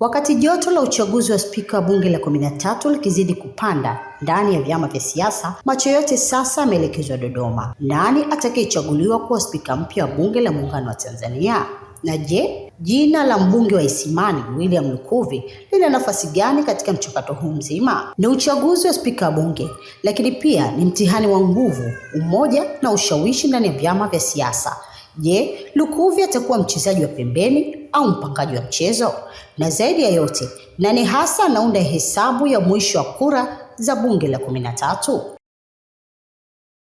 Wakati joto la uchaguzi wa spika wa bunge la kumi na tatu likizidi kupanda ndani ya vyama vya siasa, macho yote sasa yameelekezwa Dodoma. Nani atakayechaguliwa kuwa spika mpya wa bunge la muungano wa Tanzania? Na je, jina la mbunge wa Isimani William Lukuvi lina nafasi gani katika mchakato huu mzima? Ni uchaguzi wa spika wa bunge, lakini pia ni mtihani wa nguvu, umoja na ushawishi ndani ya vyama vya siasa. Je, Lukuvi atakuwa mchezaji wa pembeni au mpangaji wa mchezo, na zaidi ya yote, nani hasa anaunda hesabu ya mwisho wa kura za bunge la kumi na tatu?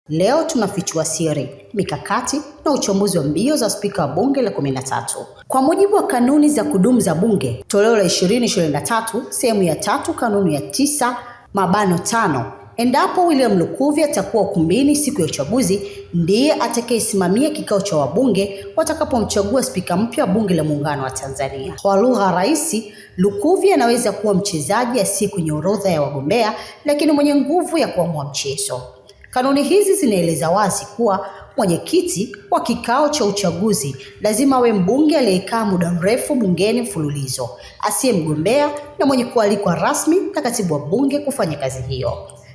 Leo tunafichua siri, mikakati na uchambuzi wa mbio za spika wa bunge la kumi na tatu. Kwa mujibu wa kanuni za kudumu za bunge toleo la 2023 sehemu ya tatu, kanuni ya tisa mabano tano Endapo William Lukuvi atakuwa ukumbini siku ya uchaguzi, ndiye atakayesimamia kikao cha wabunge watakapomchagua spika mpya wa bunge la muungano wa Tanzania. Kwa lugha rahisi, Lukuvi anaweza kuwa mchezaji asiye kwenye orodha ya wagombea, lakini mwenye nguvu ya kuamua mchezo. Kanuni hizi zinaeleza wazi kuwa mwenyekiti wa kikao cha uchaguzi lazima awe mbunge aliyekaa muda mrefu bungeni mfululizo, asiye mgombea na mwenye kualikwa rasmi na katibu wa bunge kufanya kazi hiyo.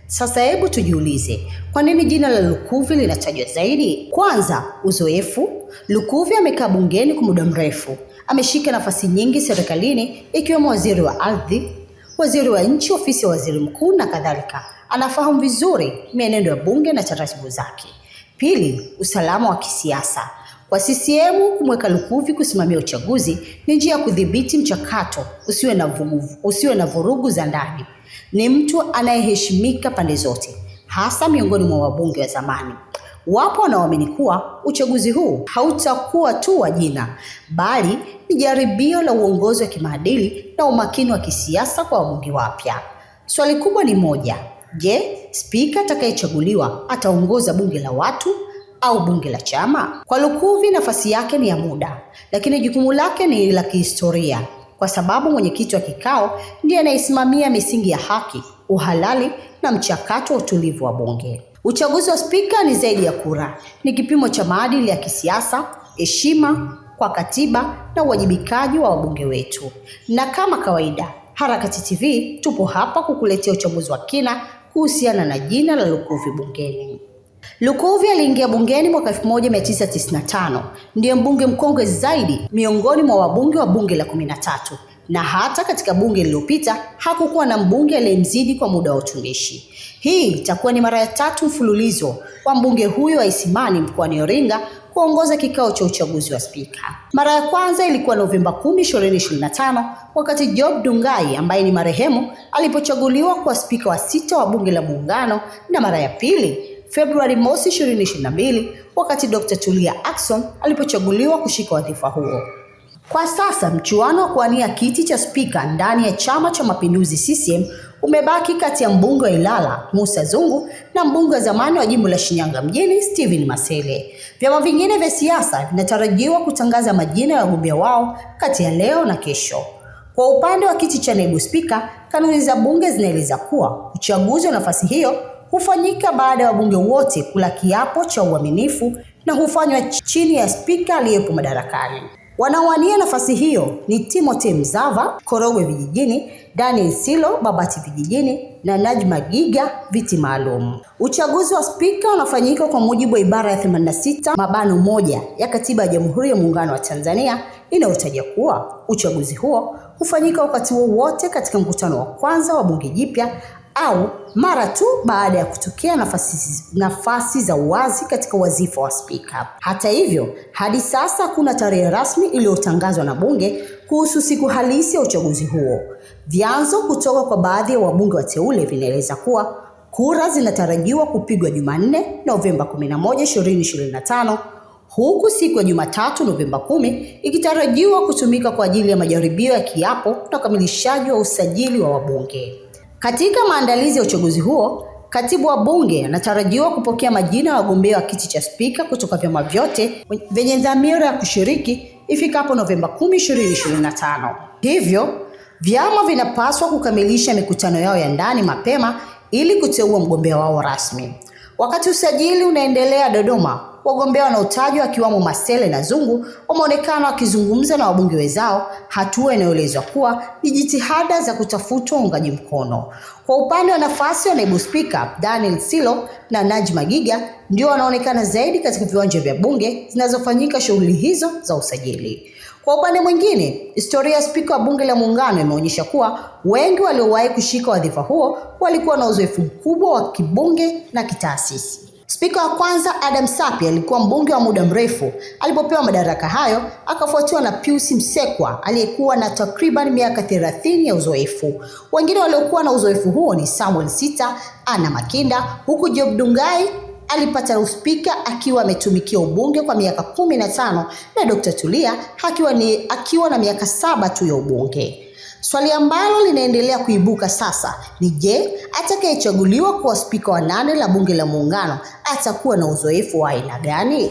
Sasa hebu tujiulize, kwa nini jina la Lukuvi linatajwa zaidi? Kwanza, uzoefu. Lukuvi amekaa bungeni kwa muda mrefu, ameshika nafasi nyingi serikalini, ikiwemo waziri wa ardhi, waziri wa nchi, ofisi ya waziri mkuu na kadhalika. Anafahamu vizuri mienendo ya bunge na taratibu zake. Pili, usalama wa kisiasa. Kwa CCM kumweka Lukuvi kusimamia uchaguzi ni njia ya kudhibiti mchakato usiwe na usiwe na vurugu za ndani. Ni mtu anayeheshimika pande zote, hasa miongoni mwa wabunge wa zamani. Wapo wanaoamini kuwa uchaguzi huu hautakuwa tu wa jina, bali ni jaribio la uongozi wa kimaadili na umakini wa kisiasa kwa wabunge wapya. Swali kubwa ni moja: je, spika atakayechaguliwa ataongoza bunge la watu au bunge la chama. Kwa Lukuvi, nafasi yake ni ya muda, lakini jukumu lake ni la kihistoria kwa sababu mwenyekiti wa kikao ndiye anayesimamia misingi ya haki, uhalali na mchakato wa utulivu wa bunge. Uchaguzi wa spika ni zaidi ya kura, ni kipimo cha maadili ya kisiasa, heshima kwa katiba na uwajibikaji wa wabunge wetu. Na kama kawaida, Harakati TV tupo hapa kukuletea uchambuzi wa kina kuhusiana na jina la Lukuvi bungeni. Lukuvi aliingia bungeni mwaka 1995. Ndiye mbunge mkongwe zaidi miongoni mwa wabunge wa bunge la 13 na hata katika bunge lililopita hakukuwa na mbunge aliyemzidi kwa muda wa utumishi. Hii itakuwa ni mara ya tatu mfululizo kwa mbunge huyo wa Isimani mkoani Iringa kuongoza kikao cha uchaguzi wa spika. Mara ya kwanza ilikuwa Novemba 10, 2025 wakati Job Dungai ambaye ni marehemu alipochaguliwa kuwa spika wa sita wa bunge la Muungano, na mara ya pili Februari mosi 2022 wakati Dr. Tulia Ackson alipochaguliwa kushika wadhifa huo. Kwa sasa mchuano wa kuwania kiti cha spika ndani ya Chama cha Mapinduzi CCM umebaki kati ya mbunge wa Ilala musa Zungu na mbunge wa zamani wa jimbo la Shinyanga mjini Steven Masele. Vyama vingine vya siasa vinatarajiwa kutangaza majina ya wagombea wao kati ya leo na kesho. Kwa upande wa kiti cha naibu spika, kanuni za bunge zinaeleza kuwa uchaguzi wa nafasi hiyo hufanyika baada ya wabunge wote kula kiapo cha uaminifu na hufanywa chini ya spika aliyepo madarakani. Wanaowania nafasi hiyo ni Timothy Mzava Korogwe Vijijini, Daniel Silo Babati Vijijini na Najma Giga viti maalum. Uchaguzi wa spika unafanyika kwa mujibu wa ibara ya 86 mabano moja ya Katiba ya Jamhuri ya Muungano wa Tanzania inayotaja kuwa uchaguzi huo hufanyika wakati wowote katika mkutano wa kwanza wa bunge jipya au mara tu baada ya kutokea nafasi, nafasi za uwazi katika wazifa wa spika. Hata hivyo, hadi sasa kuna tarehe rasmi iliyotangazwa na bunge kuhusu siku halisi ya uchaguzi huo. Vyanzo kutoka kwa baadhi ya wabunge wateule vinaeleza kuwa kura zinatarajiwa kupigwa Jumanne, Novemba 11, 2025 huku siku ya Jumatatu Novemba 10 ikitarajiwa kutumika kwa ajili ya majaribio ya kiapo na ukamilishaji wa usajili wa wabunge. Katika maandalizi ya uchaguzi huo, katibu wa bunge anatarajiwa kupokea majina ya wagombea wa kiti cha spika kutoka vyama vyote vyenye dhamira ya kushiriki ifikapo Novemba 10, 2025. Hivyo, vyama vinapaswa kukamilisha mikutano yao ya ndani mapema ili kuteua mgombea wao rasmi. Wakati usajili unaendelea Dodoma, Wagombea wanaotajwa akiwamo Masele na Zungu wameonekana wakizungumza na wabunge wenzao, hatua inayoelezwa kuwa ni jitihada za kutafutwa uungaji mkono. Kwa upande wa nafasi ya naibu spika, Daniel Silo na Najma Giga ndio wanaonekana zaidi katika viwanja vya bunge zinazofanyika shughuli hizo za usajili. Kwa upande mwingine, historia ya spika wa bunge la muungano imeonyesha kuwa wengi waliowahi kushika wadhifa huo walikuwa na uzoefu mkubwa wa kibunge na kitaasisi. Spika wa kwanza Adam Sapi alikuwa mbunge wa muda mrefu. Alipopewa madaraka hayo, akafuatiwa na Pius Msekwa aliyekuwa na takriban miaka 30 ya uzoefu. Wengine waliokuwa na uzoefu huo ni Samuel Sita, ana Makinda, huku Job Dungai alipata uspika akiwa ametumikia ubunge kwa miaka kumi na tano na Dr. Tulia akiwa ni akiwa na miaka saba tu ya ubunge. Swali ambalo linaendelea kuibuka sasa ni je, atakayechaguliwa kuwa spika wa nane la bunge la muungano atakuwa na uzoefu wa aina gani?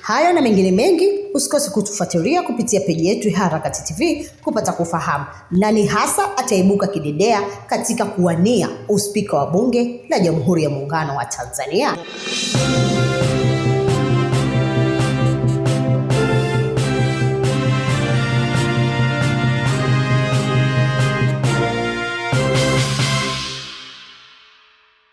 Hayo na mengine mengi, usikose kutufuatilia kupitia peji yetu ya Harakati TV kupata kufahamu nani hasa ataibuka kidedea katika kuwania uspika wa bunge la Jamhuri ya Muungano wa Tanzania.